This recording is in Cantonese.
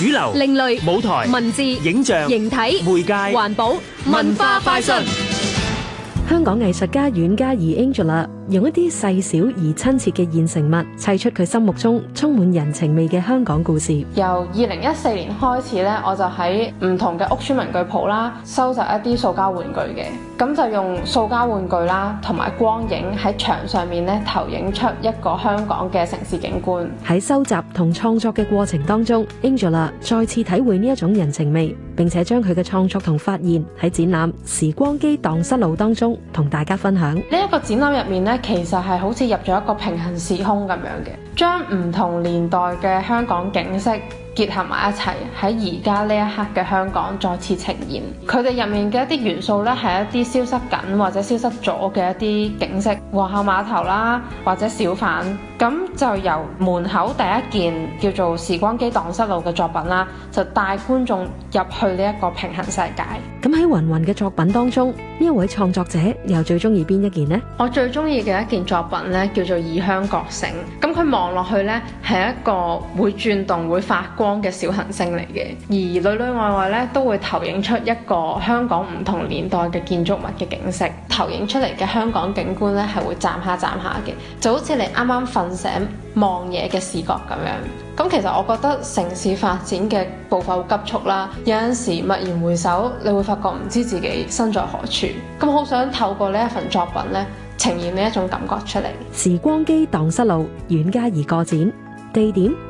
主流、另類、舞台、文字、影像、形體、媒介、環保、文化、快訊。香港藝術家阮嘉怡 Angela 用一啲細小而親切嘅現成物，砌出佢心目中充滿人情味嘅香港故事。由二零一四年開始咧，我就喺唔同嘅屋邨文具鋪啦，收集一啲塑膠玩具嘅，咁就用塑膠玩具啦，同埋光影喺牆上面咧，投影出一個香港嘅城市景觀。喺收集同創作嘅過程當中，Angela 再次體會呢一種人情味。並且將佢嘅創作同發現喺展覽《時光機盪失路》當中同大家分享。呢一個展覽入面咧，其實係好似入咗一個平行時空咁樣嘅，將唔同年代嘅香港景色。結合埋一齊喺而家呢一刻嘅香港再次呈現，佢哋入面嘅一啲元素呢係一啲消失緊或者消失咗嘅一啲景色，皇后碼頭啦，或者小販，咁就由門口第一件叫做《時光機盪失路》嘅作品啦，就帶觀眾入去呢一個平衡世界。咁喺芸芸嘅作品當中，呢一位創作者又最中意邊一件呢？我最中意嘅一件作品呢，叫做《異鄉覺醒》。咁佢望落去呢，係一個會轉動、會發光。嘅小行星嚟嘅，而裏裏外外咧都會投影出一個香港唔同年代嘅建築物嘅景色，投影出嚟嘅香港景觀咧係會眨下眨下嘅，就好似你啱啱瞓醒望嘢嘅視覺咁樣。咁其實我覺得城市發展嘅步伐好急速啦，有陣時驀然回首，你會發覺唔知自己身在何處。咁好想透過呢一份作品咧呈現呢一種感覺出嚟。時光機盪失路，阮嘉儀個展，地點。